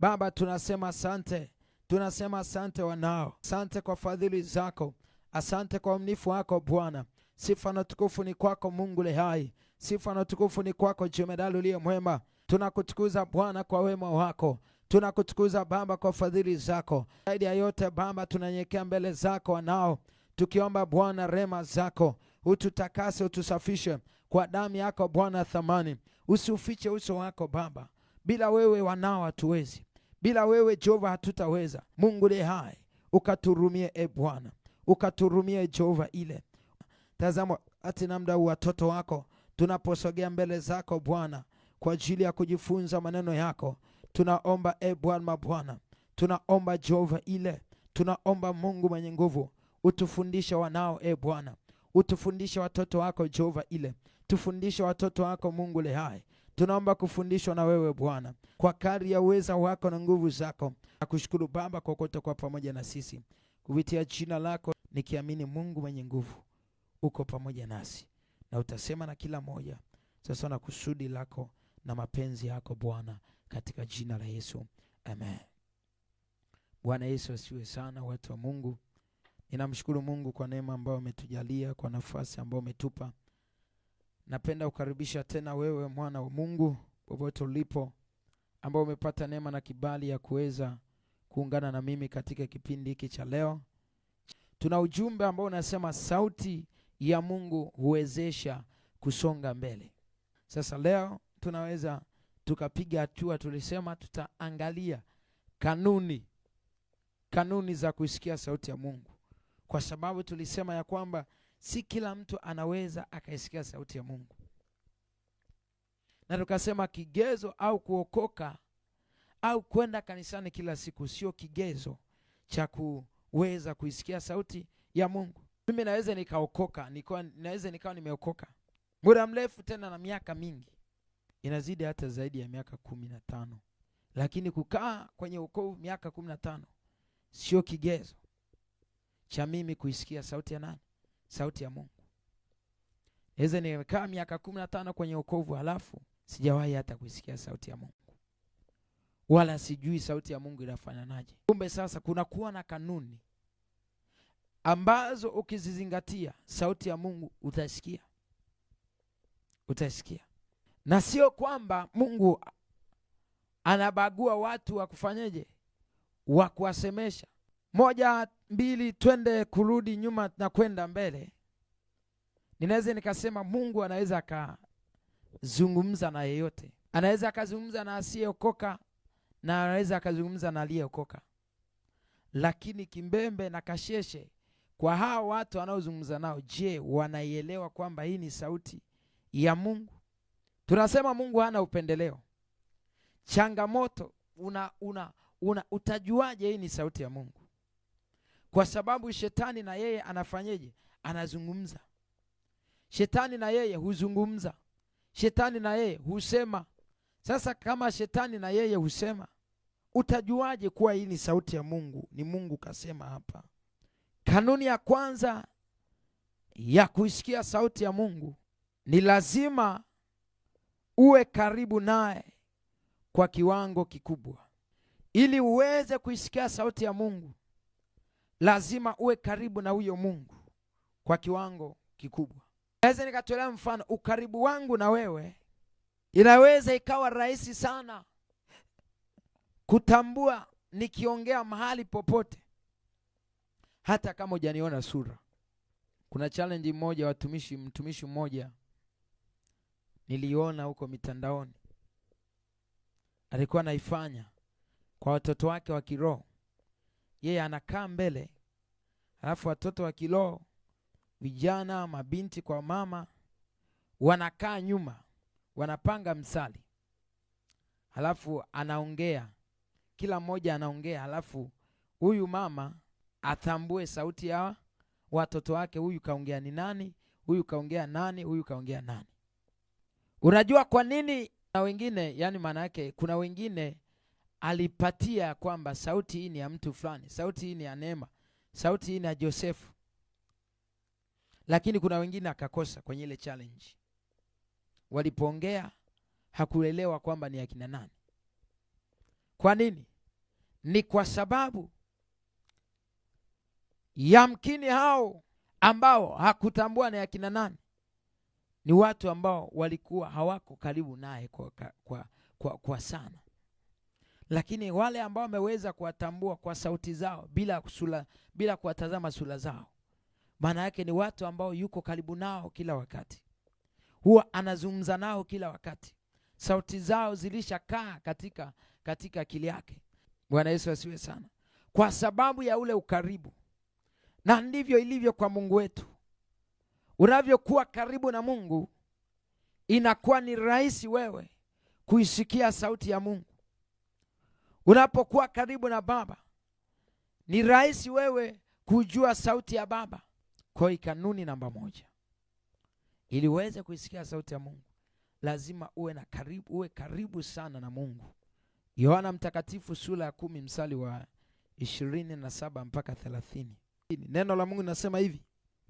Baba, tunasema asante, tunasema asante wanao, asante kwa fadhili zako, asante kwa umnifu wako Bwana. Sifa na tukufu ni kwako Mungu le hai, sifa na tukufu ni kwako jemedali uliye mwema. Tunakutukuza Bwana kwa wema wako, tunakutukuza Baba kwa fadhili zako. Zaidi ya yote Baba, tunanyekea mbele zako wanao, tukiomba Bwana rema zako, ututakase, utusafishe kwa damu yako Bwana thamani, usiufiche uso wako Baba. Bila wewe wanao hatuwezi bila wewe Jehova hatutaweza. Mungu le hai, ukaturumie e Bwana, ukaturumie Jehova ile. Tazama namda watoto wako tunaposogea mbele zako Bwana kwa ajili ya kujifunza maneno yako, tunaomba e Bwana mabwana, tunaomba Jehova ile, tunaomba Mungu mwenye nguvu, utufundishe wanao e Bwana, utufundishe watoto wako Jehova ile, tufundishe watoto wako Mungu le hai Tunaomba kufundishwa na wewe Bwana, kwa kadri ya uweza wako na nguvu zako, na kushukuru Baba kwa kwa pamoja na sisi, kupitia jina lako nikiamini, Mungu mwenye nguvu, uko pamoja nasi na utasema na kila moja sasa na kusudi lako na mapenzi yako Bwana, katika jina la Yesu, amen. Bwana Yesu asiwe sana, watu wa Mungu. Ninamshukuru Mungu kwa neema ambayo umetujalia, kwa nafasi ambayo umetupa Napenda kukaribisha tena wewe mwana wa Mungu popote ulipo, ambao umepata neema na kibali ya kuweza kuungana na mimi katika kipindi hiki cha leo. Tuna ujumbe ambao unasema sauti ya Mungu huwezesha kusonga mbele. Sasa leo tunaweza tukapiga hatua, tulisema tutaangalia kanuni, kanuni za kuisikia sauti ya Mungu, kwa sababu tulisema ya kwamba si kila mtu anaweza akaisikia sauti ya Mungu, na tukasema kigezo au kuokoka au kwenda kanisani kila siku sio kigezo cha kuweza kuisikia sauti ya Mungu. Mimi naweza nikaokoka, nilikuwa naweza nikawa nimeokoka muda mrefu tena na miaka mingi inazidi hata zaidi ya miaka kumi na tano, lakini kukaa kwenye wokovu miaka kumi na tano sio kigezo cha mimi kuisikia sauti ya nani sauti ya Mungu. Naweza nimekaa miaka kumi na tano kwenye ukovu halafu sijawahi hata kuisikia sauti ya Mungu wala sijui sauti ya Mungu inafananaje. Kumbe sasa kunakuwa na kanuni ambazo ukizizingatia sauti ya Mungu utasikia, utasikia. Na sio kwamba Mungu anabagua watu wa kufanyeje, wa kuwasemesha moja mbili, twende kurudi nyuma na kwenda mbele, ninaweza nikasema Mungu anaweza akazungumza na yeyote, anaweza akazungumza na asiyeokoka na anaweza akazungumza na aliyeokoka, lakini kimbembe na kasheshe kwa hawa watu wanaozungumza nao, je, wanaielewa kwamba hii ni sauti ya Mungu? Tunasema Mungu hana upendeleo. Changamoto una, una, una utajuaje hii ni sauti ya Mungu? kwa sababu shetani na yeye anafanyeje? Anazungumza. Shetani na yeye huzungumza, shetani na yeye husema. Sasa kama shetani na yeye husema, utajuaje kuwa hii ni sauti ya Mungu? Ni Mungu kasema hapa. Kanuni ya kwanza ya kuisikia sauti ya Mungu ni lazima uwe karibu naye kwa kiwango kikubwa. Ili uweze kuisikia sauti ya Mungu, lazima uwe karibu na huyo Mungu kwa kiwango kikubwa. Naweza nikatolea mfano, ukaribu wangu na wewe inaweza ikawa rahisi sana kutambua nikiongea mahali popote, hata kama hujaniona sura. Kuna challenge moja watumishi, mtumishi mmoja niliona huko mitandaoni, alikuwa anaifanya kwa watoto wake wa kiroho yeye anakaa mbele, alafu watoto wa kiloo vijana mabinti kwa mama, wanakaa nyuma, wanapanga msali, halafu anaongea, kila mmoja anaongea, halafu huyu mama atambue sauti ya watoto wake, huyu kaongea ni nani, huyu kaongea nani, huyu kaongea nani. Unajua kwa nini? Na wengine, yani maana yake kuna wengine alipatia ya kwamba sauti hii ni ya mtu fulani, sauti hii ni ya Neema, sauti hii ni ya Josefu, lakini kuna wengine akakosa kwenye ile challenge. Walipoongea hakuelewa kwamba ni akina nani. Kwa nini? Ni kwa sababu yamkini hao ambao hakutambua ni akina nani ni watu ambao walikuwa hawako karibu naye kwa, kwa, kwa, kwa sana lakini wale ambao wameweza kuwatambua kwa sauti zao bila kusula, bila kuwatazama sura zao, maana yake ni watu ambao yuko karibu nao kila wakati, huwa anazungumza nao kila wakati, sauti zao zilishakaa katika katika akili yake. Bwana Yesu asiwe sana, kwa sababu ya ule ukaribu. Na ndivyo ilivyo kwa Mungu wetu, unavyokuwa karibu na Mungu inakuwa ni rahisi wewe kuisikia sauti ya Mungu Unapokuwa karibu na Baba ni rahisi wewe kujua sauti ya Baba. Kwa hiyo kanuni namba moja, ili uweze kuisikia sauti ya Mungu lazima uwe na karibu, uwe karibu sana na Mungu. Yohana Mtakatifu sura ya kumi msali wa ishirini na saba mpaka thelathini neno la Mungu linasema hivi: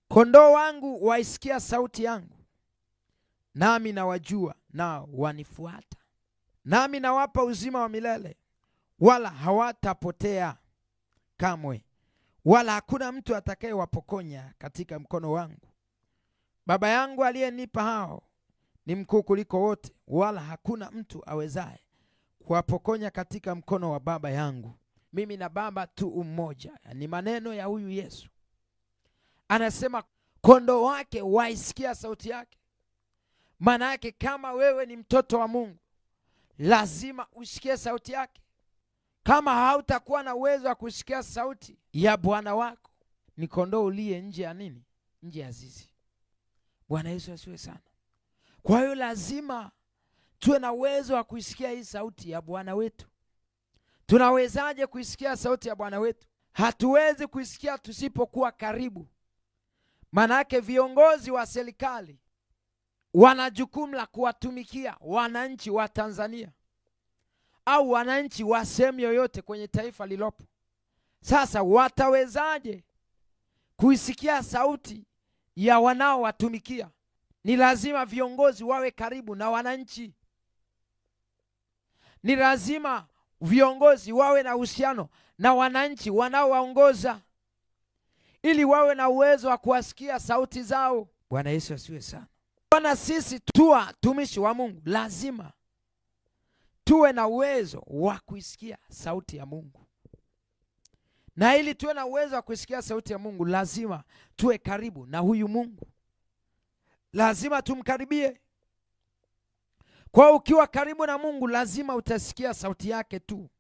kondoo wangu waisikia sauti yangu, nami nawajua, nao wanifuata, nami nawapa uzima wa milele wala hawatapotea kamwe, wala hakuna mtu atakayewapokonya katika mkono wangu. Baba yangu aliyenipa hao ni mkuu kuliko wote, wala hakuna mtu awezaye kuwapokonya katika mkono wa Baba yangu. Mimi na Baba tu mmoja. Ni maneno ya huyu Yesu, anasema kondoo wake waisikia sauti yake. Maana yake kama wewe ni mtoto wa Mungu, lazima usikie sauti yake. Kama hautakuwa na uwezo wa kusikia sauti ya Bwana wako, ni kondoo uliye nje ya nini? Nje ya zizi. Bwana Yesu asiwe sana. Kwa hiyo lazima tuwe na uwezo wa kuisikia hii sauti ya Bwana wetu. Tunawezaje kuisikia sauti ya Bwana wetu? Hatuwezi kuisikia tusipokuwa karibu. Maana viongozi wa serikali wana jukumu la kuwatumikia wananchi wa Tanzania au wananchi wa sehemu yoyote kwenye taifa lilopo. Sasa watawezaje kuisikia sauti ya wanaowatumikia? Ni lazima viongozi wawe karibu na wananchi, ni lazima viongozi wawe na uhusiano na wananchi wanaowaongoza ili wawe na uwezo wa kuwasikia sauti zao. Bwana Yesu asiwe sana. Bwana, sisi tuwa tumishi wa Mungu lazima tuwe na uwezo wa kuisikia sauti ya Mungu, na ili tuwe na uwezo wa kuisikia sauti ya Mungu lazima tuwe karibu na huyu Mungu, lazima tumkaribie. Kwa ukiwa karibu na Mungu lazima utasikia sauti yake tu.